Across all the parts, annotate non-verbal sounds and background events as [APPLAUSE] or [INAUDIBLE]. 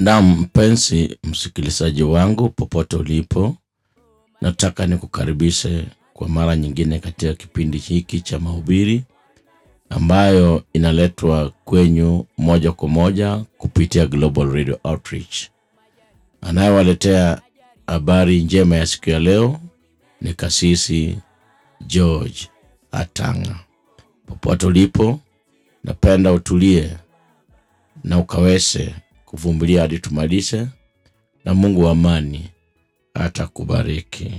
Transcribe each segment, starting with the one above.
Na mpenzi msikilizaji wangu, popote ulipo, nataka nikukaribishe kwa mara nyingine katika kipindi hiki cha mahubiri ambayo inaletwa kwenyu moja kwa moja kupitia Global Radio Outreach. Anayewaletea habari njema ya siku ya leo ni Kasisi George Atanga. Popote ulipo, napenda utulie na ukaweze kuvumilia hadi tumalize, na Mungu wa amani atakubariki.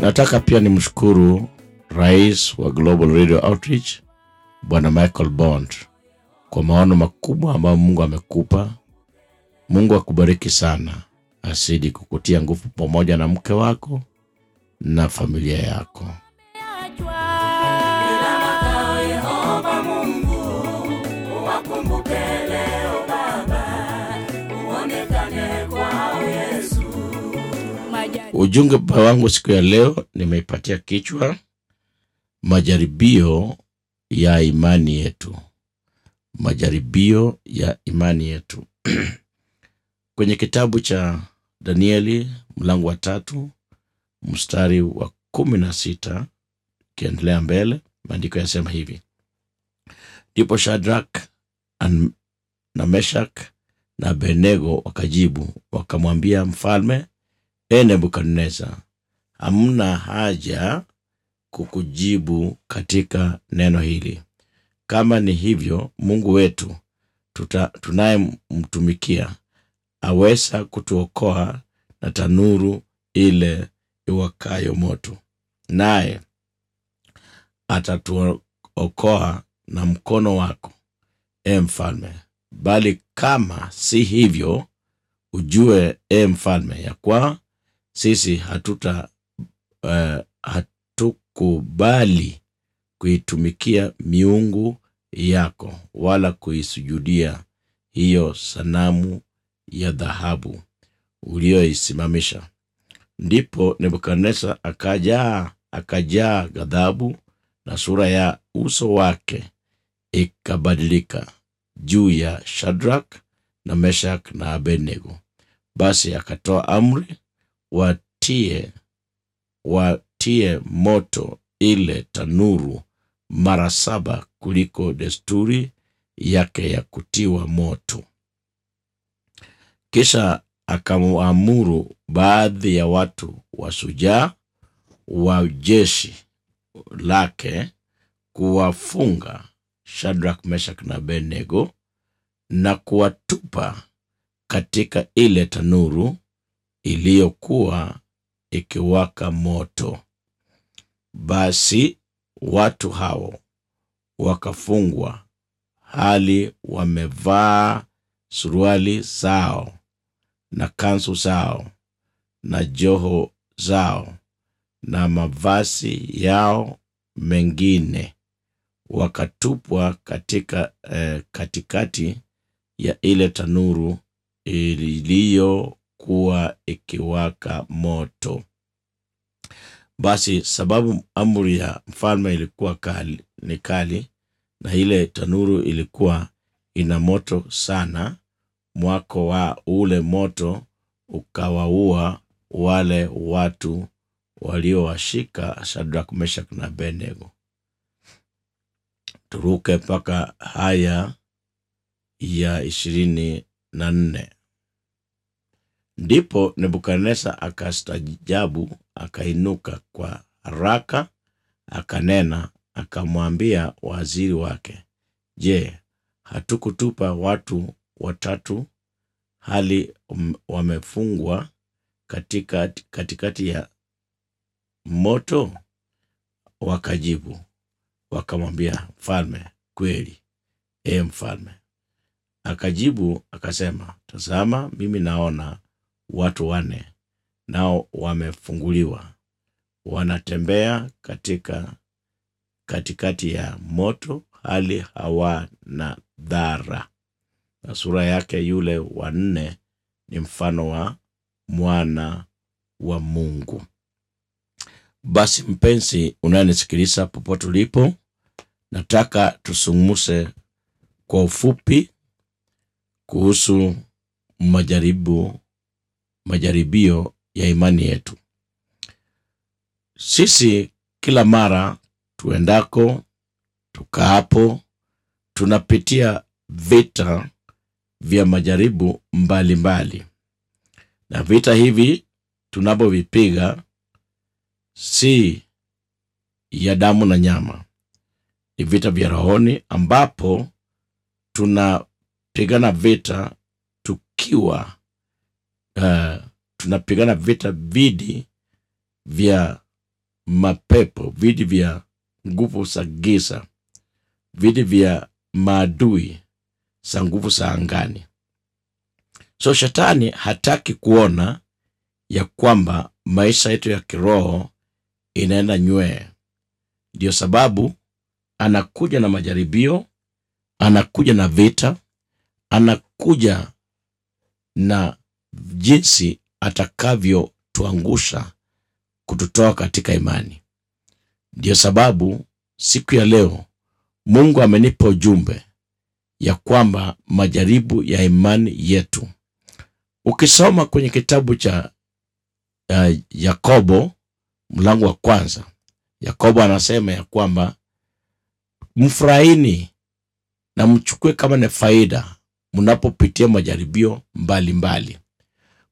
Nataka pia nimshukuru rais wa Global Radio Outreach Bwana Michael Bond kwa maono makubwa ambayo Mungu amekupa. Mungu akubariki sana, asidi kukutia nguvu pamoja na mke wako na familia yako. Ujumbe wangu siku ya leo nimeipatia kichwa majaribio ya imani yetu, majaribio ya imani yetu. [CLEARS THROAT] Kwenye kitabu cha Danieli mlango wa tatu mstari wa kumi na sita ukiendelea mbele, maandiko yanasema hivi: ndipo Shadrak na Meshak na Abednego wakajibu wakamwambia mfalme e ee, Nebukadneza, hamna haja kukujibu katika neno hili. Kama ni hivyo, Mungu wetu tunayemtumikia aweza kutuokoa na tanuru ile iwakayo moto, naye atatuokoa na mkono wako, e mfalme. Bali kama si hivyo, ujue e mfalme, ya kwa sisi hatuta uh, hatukubali kuitumikia miungu yako wala kuisujudia hiyo sanamu ya dhahabu uliyoisimamisha. Ndipo Nebukadnesa akajaa akajaa ghadhabu na sura ya uso wake ikabadilika juu ya Shadrak na Meshak na Abednego. Basi akatoa amri watie watie moto ile tanuru mara saba kuliko desturi yake ya kutiwa moto. Kisha akamwamuru baadhi ya watu wa shujaa wa jeshi lake kuwafunga Shadrak, Meshak na Abednego na kuwatupa katika ile tanuru iliyokuwa ikiwaka moto. Basi watu hao wakafungwa hali wamevaa suruali zao na kanzu zao na joho zao na mavazi yao mengine, wakatupwa katika eh, katikati ya ile tanuru iliyo kuwa ikiwaka moto. Basi sababu amri ya mfalme ilikuwa kali, ni kali, na ile tanuru ilikuwa ina moto sana. Mwako wa ule moto ukawaua wale watu waliowashika Shadrak, Meshak na Abednego. Turuke mpaka haya ya ishirini na nne. Ndipo nebukadnesa akastajabu akainuka kwa haraka, akanena, akamwambia waziri wake, Je, hatukutupa watu watatu hali wamefungwa katikati, katikati ya moto? Wakajibu wakamwambia mfalme, kweli, e mfalme. Akajibu akasema, tazama, mimi naona watu wanne nao wamefunguliwa, wanatembea katika katikati ya moto, hali hawana dhara, na sura yake yule wa nne ni mfano wa mwana wa Mungu. Basi mpenzi unayenisikiliza popote ulipo, nataka tusungumuse kwa ufupi kuhusu majaribu majaribio ya imani yetu. Sisi kila mara tuendako, tukaapo, tunapitia vita vya majaribu mbalimbali mbali. Na vita hivi tunavyovipiga si ya damu na nyama, ni vita vya rohoni, ambapo tunapigana vita tukiwa uh, tunapigana vita vidi vya mapepo, vidi vya nguvu za giza, vidi vya maadui za nguvu za angani. So shetani hataki kuona ya kwamba maisha yetu ya kiroho inaenda nywee. Ndiyo sababu anakuja na majaribio, anakuja na vita, anakuja na jinsi atakavyotuangusha kututoa katika imani. Ndiyo sababu siku ya leo Mungu amenipa ujumbe ya kwamba majaribu ya imani yetu. Ukisoma kwenye kitabu cha uh, Yakobo mlango wa kwanza, Yakobo anasema ya kwamba mfurahini na mchukue kama ni faida mnapopitia majaribio mbalimbali mbali.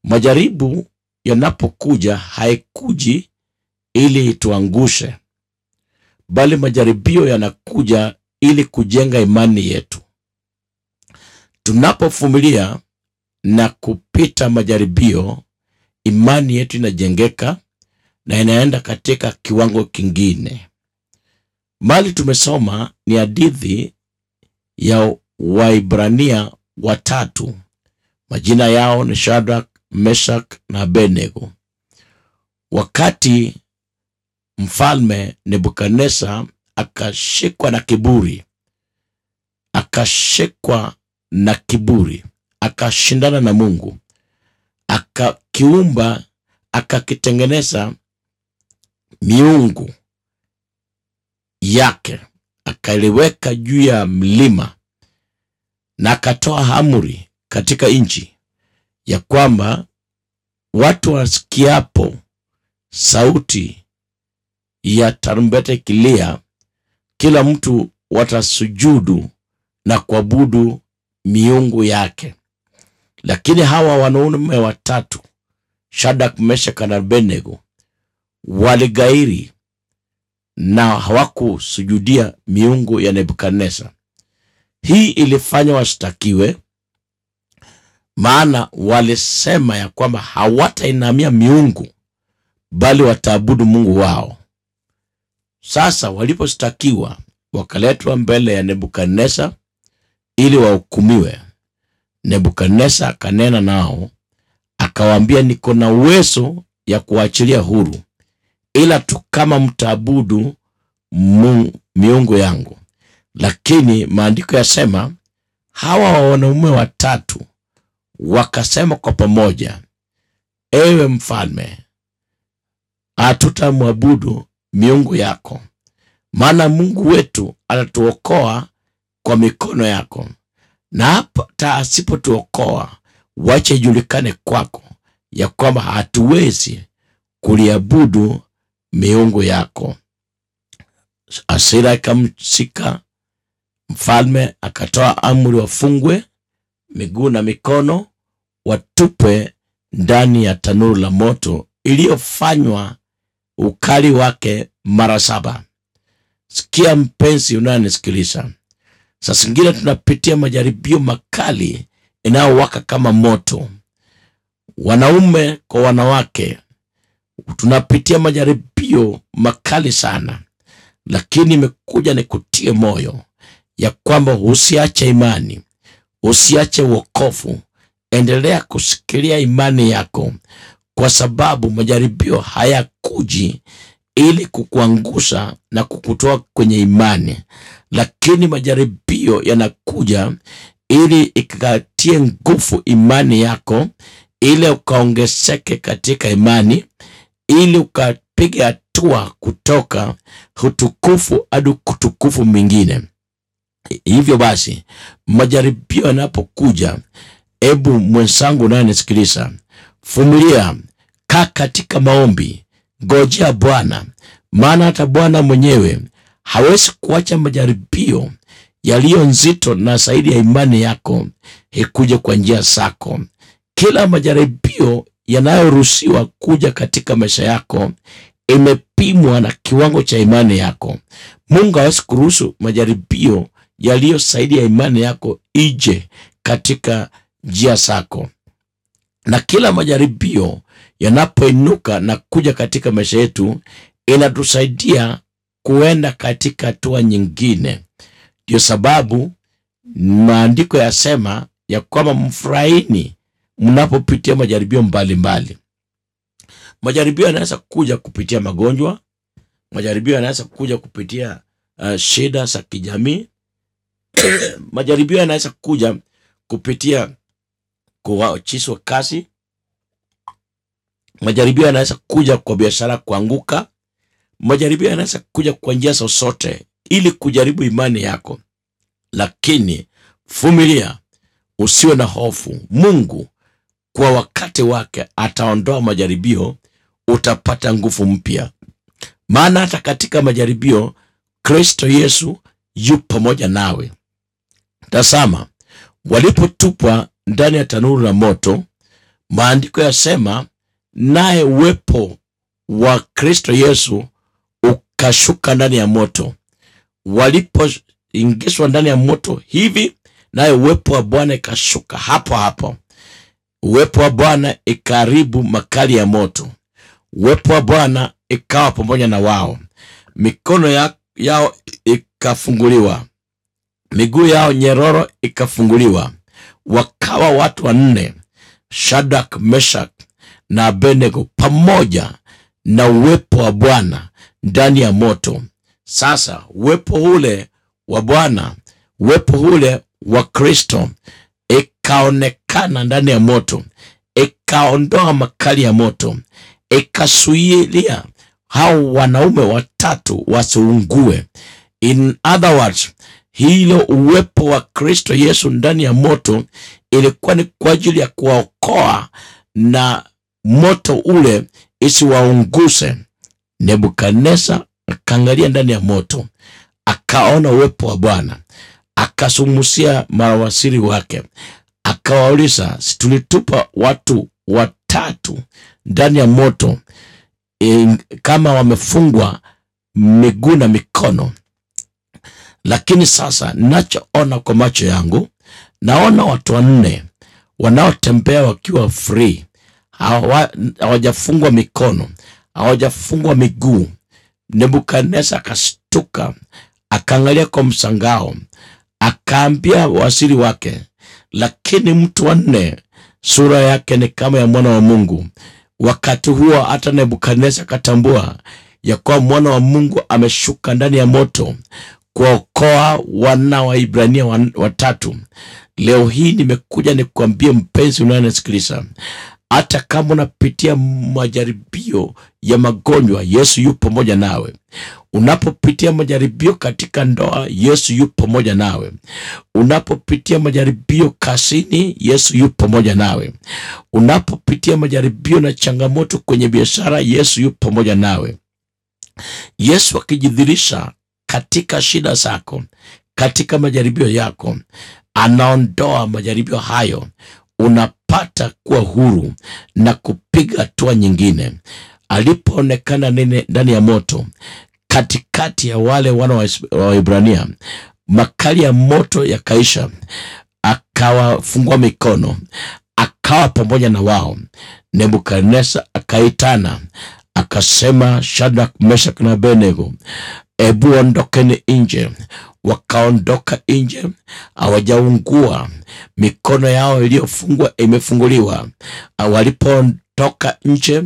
Majaribu yanapokuja haikuji ili ituangushe, bali majaribio yanakuja ili kujenga imani yetu. Tunapovumilia na kupita majaribio, imani yetu inajengeka na inaenda katika kiwango kingine. Mali tumesoma ni hadithi ya Waibrania watatu, majina yao ni Shadrach, Meshak na Abednego. Wakati mfalme Nebukadnesa akashikwa na kiburi, akashikwa na kiburi, akashindana na Mungu, akakiumba, akakitengeneza miungu yake, akaliweka juu ya mlima na akatoa amri katika nchi ya kwamba watu wasikiapo sauti ya tarumbete kilia, kila mtu watasujudu na kuabudu miungu yake. Lakini hawa wanaume watatu Shadrach, Meshaki na Abednego waligairi na hawakusujudia miungu ya nebukadnesa Hii ilifanya washtakiwe maana walisema ya kwamba hawatainamia miungu bali wataabudu Mungu wao. Sasa waliposhtakiwa wakaletwa mbele ya Nebukadnesa ili wahukumiwe. Nebukadnesa akanena nao akawaambia, niko na uwezo ya kuachilia huru, ila tu kama mtaabudu miungu yangu. Lakini maandiko yasema hawa wanaume watatu wakasema kwa pamoja, ewe mfalme, hatutamwabudu miungu yako, maana Mungu wetu atatuokoa kwa mikono yako, na hata asipotuokoa, wache ijulikane kwako ya kwamba hatuwezi kuliabudu miungu yako. Hasira ikamshika mfalme, akatoa amri wafungwe miguu na mikono, watupe ndani ya tanuru la moto iliyofanywa ukali wake mara saba. Sikia mpenzi unayonisikiliza saa zingine tunapitia majaribio makali inayowaka kama moto, wanaume kwa wanawake tunapitia majaribio makali sana, lakini imekuja nikutie moyo ya kwamba usiache imani, usiache wokovu, endelea kushikilia imani yako, kwa sababu majaribio hayakuji ili kukuangusha na kukutoa kwenye imani, lakini majaribio yanakuja ili ikatie nguvu imani yako, ili ukaongezeke katika imani, ili ukapiga hatua kutoka utukufu hadi utukufu mwingine. Hivyo basi majaribio yanapokuja Ebu mwenzangu naye nisikiliza, vumilia, kaa katika maombi, ngojea Bwana, maana hata Bwana mwenyewe hawezi kuacha majaribio yaliyo nzito na zaidi ya imani yako ikuje kwa njia zako. Kila majaribio yanayoruhusiwa kuja katika maisha yako imepimwa na kiwango cha imani yako. Mungu hawezi kuruhusu majaribio yaliyo zaidi ya imani yako ije katika njia zako. Na kila majaribio yanapoinuka na kuja katika maisha yetu, inatusaidia kuenda katika hatua nyingine. ndio sababu maandiko yasema ya kwamba mfurahini mnapopitia majaribio mbalimbali mbali. Majaribio yanaweza kuja kupitia magonjwa, majaribio yanaweza kuja kupitia uh, shida za kijamii [CLEARS THROAT] majaribio yanaweza kuja kupitia kuachishwa kazi. Majaribio yanaweza kuja kwa biashara kuanguka. Majaribio yanaweza kuja kwa njia zozote ili kujaribu imani yako, lakini vumilia, usiwe na hofu. Mungu kwa wakati wake ataondoa majaribio, utapata nguvu mpya, maana hata katika majaribio Kristo Yesu yu pamoja nawe. Tazama, walipotupwa ndani ya tanuru la moto, maandiko yasema, naye uwepo wa Kristo Yesu ukashuka ndani ya moto. Walipoingizwa ndani ya moto hivi, naye uwepo wa Bwana ikashuka hapo hapo. Uwepo wa Bwana ikaribu makali ya moto. Uwepo wa Bwana ikawa pamoja na wao, mikono ya, yao ikafunguliwa, miguu yao nyororo ikafunguliwa wakawa watu wanne, shadak meshak na Abednego, pamoja na uwepo wa Bwana ndani ya moto. Sasa uwepo ule wa Bwana, uwepo ule wa Kristo ikaonekana ndani ya moto, ikaondoa makali ya moto, ikasuilia hao wanaume watatu wasiungue. In other words hilo uwepo wa Kristo Yesu ndani ya moto ilikuwa ni kwa ajili ya kuwaokoa na moto ule isiwaunguse. nebukadnesa akaangalia ndani ya moto, akaona uwepo wa Bwana, akasumusia mawasiri wake, akawauliza, si tulitupa watu watatu ndani ya moto e, kama wamefungwa miguu na mikono lakini sasa ninachoona kwa macho yangu, naona watu wanne wanaotembea wakiwa free, hawajafungwa mikono, hawajafungwa miguu. nebukadnesa akastuka, akaangalia kwa msangao, akaambia waziri wake, lakini mtu wa nne sura yake ni kama ya mwana wa Mungu. Wakati huo hata nebukadnesa akatambua ya kuwa mwana wa Mungu ameshuka ndani ya moto kuokoa wana wa Ibrania watatu. Leo hii nimekuja nikuambie mpenzi unayenisikiliza, hata kama unapitia majaribio ya magonjwa, Yesu yu pamoja nawe. Unapopitia majaribio katika ndoa, Yesu yu pamoja nawe. Unapopitia majaribio kazini, Yesu yu pamoja nawe. Unapopitia majaribio na changamoto kwenye biashara, Yesu yu pamoja nawe. Yesu akijidhirisha katika shida zako, katika majaribio yako. Anaondoa majaribio hayo, unapata kuwa huru na kupiga hatua nyingine. Alipoonekana ndani ya moto, katikati ya wale wana wa Ibrania, makali ya moto yakaisha, akawafungua mikono, akawa pamoja na wao. Nebukadnesa akaitana akasema, Shadrak, Meshak na Abednego Ebu ondokeni nje. Wakaondoka nje, hawajaungua, mikono yao iliyofungwa imefunguliwa. Walipoondoka nje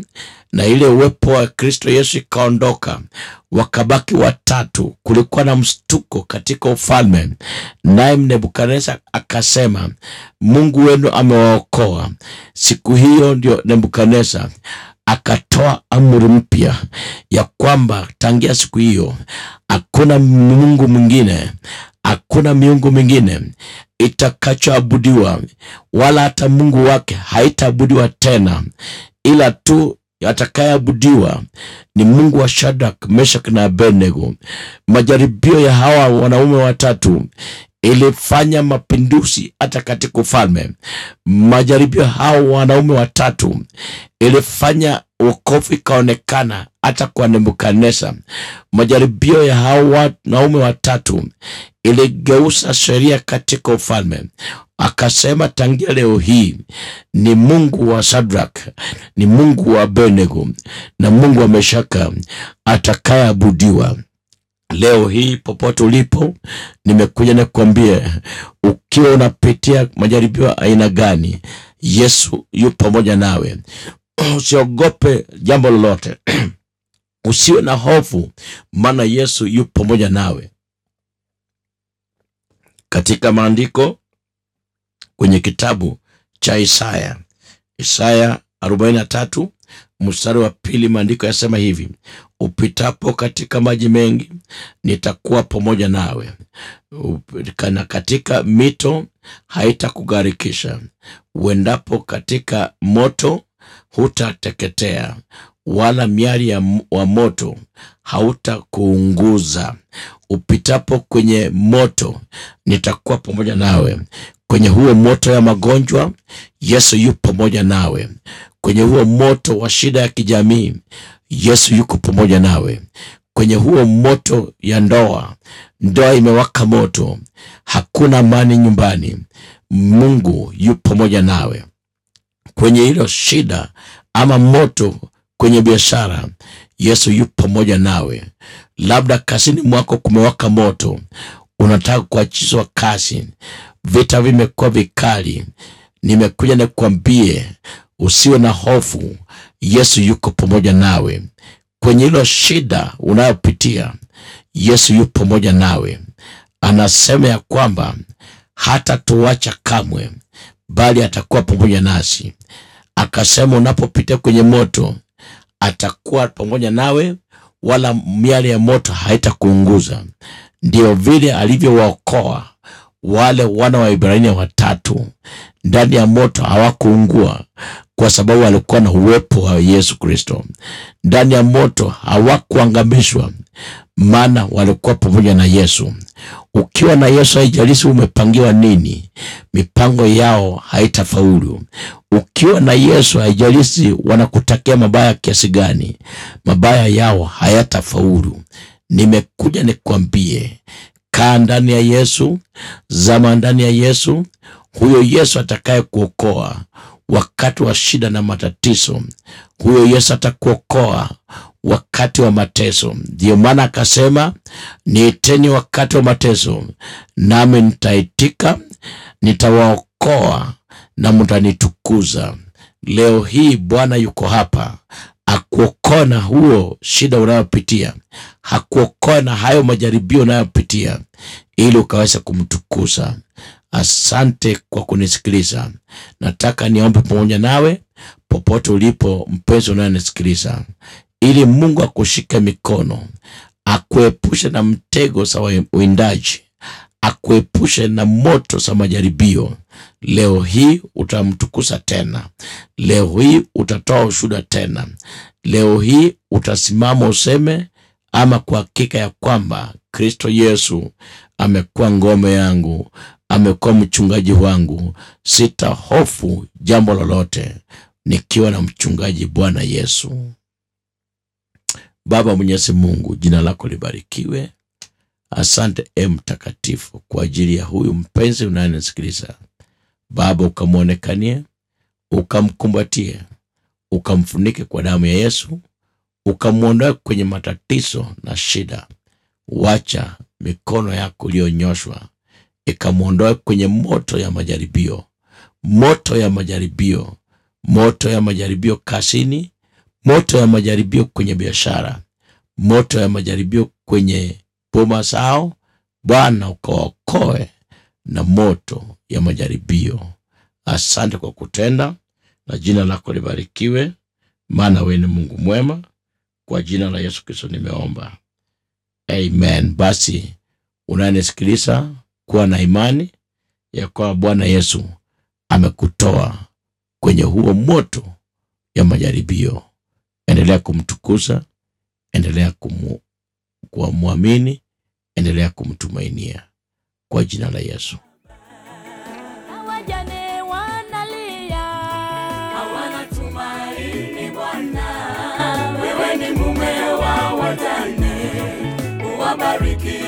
na ile uwepo wa Kristo Yesu ikaondoka, wakabaki watatu. Kulikuwa na mshtuko katika ufalme, naye Nebukadneza akasema, Mungu wenu amewaokoa. Siku hiyo ndio Nebukadneza akatoa amri mpya ya kwamba tangia siku hiyo hakuna Mungu mwingine, hakuna miungu mingine itakachoabudiwa, wala hata Mungu wake haitaabudiwa tena, ila tu atakayeabudiwa ni Mungu wa Shadrak, Meshak na Abednego. Majaribio ya hawa wanaume watatu ilifanya mapinduzi hata katika ufalme. Majaribio hao wanaume watatu ilifanya wokovu ikaonekana hata kwa nebukadnesa Majaribio ya hao wanaume watatu iligeuza sheria katika ufalme. Akasema, tangia leo hii ni Mungu wa Sadrak, ni Mungu wa Abednego na Mungu wa Meshaka atakayeabudiwa. Leo hii popote ulipo, nimekuja nakuambia, ukiwa unapitia majaribio aina gani, Yesu yu pamoja nawe. [CLEARS THROAT] Usiogope jambo lolote [CLEARS THROAT] usiwe na hofu, maana Yesu yu pamoja nawe. Katika maandiko kwenye kitabu cha Isaya, Isaya 43 Mstari wa pili, maandiko yasema hivi, upitapo katika maji mengi nitakuwa pamoja nawe, na katika mito haitakugharikisha. Uendapo katika moto hutateketea, wala miali ya wa moto hautakuunguza. Upitapo kwenye moto nitakuwa pamoja nawe, kwenye huo moto ya magonjwa Yesu yu pamoja nawe Kwenye huo moto wa shida ya kijamii, Yesu yuko pamoja nawe. Kwenye huo moto ya ndoa, ndoa imewaka moto, hakuna amani nyumbani, Mungu yu pamoja nawe. Kwenye hilo shida ama moto kwenye biashara, Yesu yu pamoja nawe. Labda kazini mwako kumewaka moto, unataka kuachizwa kazi, vita vimekuwa vikali. Nimekuja nikwambie, Usiwe na hofu, Yesu yuko pamoja nawe kwenye hilo shida unayopitia. Yesu yupo pamoja nawe, anasema ya kwamba hatatuacha kamwe, bali atakuwa pamoja nasi. Akasema unapopitia kwenye moto, atakuwa pamoja nawe, wala miale ya moto haitakuunguza. Ndiyo vile alivyowaokoa wale wana wa Ibrahimu watatu ndani ya moto, hawakuungua kwa sababu walikuwa na uwepo wa Yesu Kristo. Ndani ya moto hawakuangamishwa, maana walikuwa pamoja na Yesu. Ukiwa na Yesu, haijalishi umepangiwa nini, mipango yao haitafaulu. Ukiwa na Yesu, haijalishi wanakutakia mabaya kiasi gani, mabaya yao hayatafaulu. Nimekuja nikwambie, kaa ndani ya Yesu, zama ndani ya Yesu, huyo Yesu atakaye kuokoa wakati wa shida na matatizo. Huyo Yesu atakuokoa wakati wa mateso. Ndiyo maana akasema, niiteni wakati wa mateso, nami nitaitika, nitawaokoa na mtanitukuza. Leo hii Bwana yuko hapa akuokoa na huo shida unayopitia, hakuokoa na hayo majaribio unayopitia, ili ukaweza kumtukuza. Asante kwa kunisikiliza. Nataka niombe pamoja nawe popote ulipo, mpenzi unayenisikiliza, ili Mungu akushike mikono, akuepushe na mtego za uindaji, akuepushe na moto za majaribio. Leo hii utamtukusa tena, leo hii utatoa ushuhuda tena, leo hii utasimama useme ama kwa hakika ya kwamba Kristo Yesu amekuwa ngome yangu, amekuwa mchungaji wangu, sita hofu jambo lolote nikiwa na mchungaji Bwana Yesu. Baba Mwenyezi Mungu, jina lako libarikiwe. Asante e Mtakatifu kwa ajili ya huyu mpenzi unayenisikiliza Baba, ukamwonekanie, ukamkumbatie, ukamfunike kwa damu ya Yesu, ukamwondoe kwenye matatizo na shida. Wacha mikono yako iliyonyoshwa ikamwondoa kwenye moto ya majaribio, moto ya majaribio, moto ya majaribio kazini, moto ya majaribio kwenye biashara, moto ya majaribio kwenye boma zao. Bwana ukawaokoe na moto ya majaribio. Asante kwa kutenda, na jina lako libarikiwe, maana wewe ni Mungu mwema. Kwa jina la Yesu Kristo nimeomba, amen. Basi unanisikiliza kuwa na imani ya kwa Bwana Yesu amekutoa kwenye huo moto ya majaribio. Endelea kumtukuza, endelea kumu, endelea kumtumainia kwa jina la Yesu. Wewe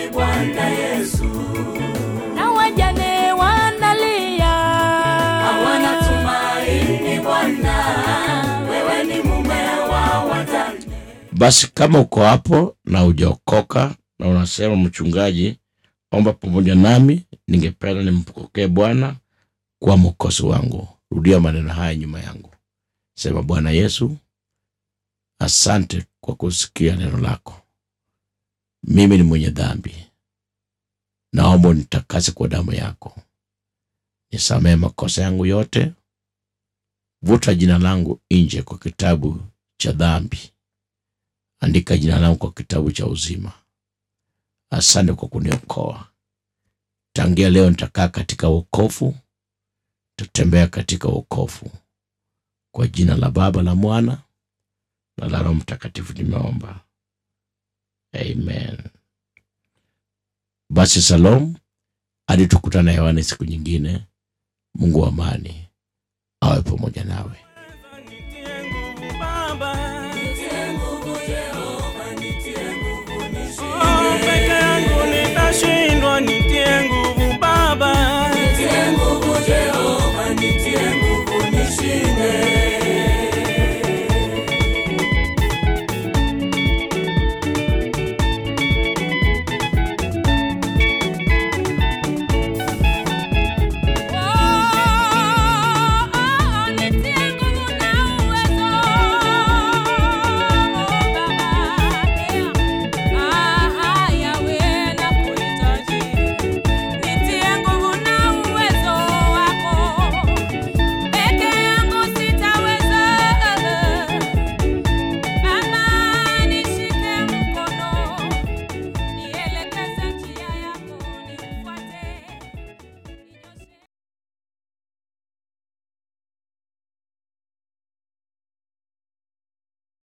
Basi kama uko hapo na hujaokoka na unasema mchungaji, omba pamoja nami, ningependa nimpokee Bwana kuwa mwokozi wangu, rudia maneno haya nyuma yangu. Sema, Bwana Yesu, asante kwa kusikia neno lako. Mimi ni mwenye dhambi, naomba nitakase kwa damu yako, nisamehe makosa yangu yote, vuta jina langu nje kwa kitabu cha dhambi andika jina langu kwa kitabu cha uzima. Asante kwa kuniokoa. Tangia leo nitakaa katika wokovu, nitatembea katika wokovu. Kwa jina la Baba, la Mwana na la Roho Mtakatifu nimeomba, amen. Basi salom, hadi tukutana hewani siku nyingine. Mungu wa amani awe pamoja nawe.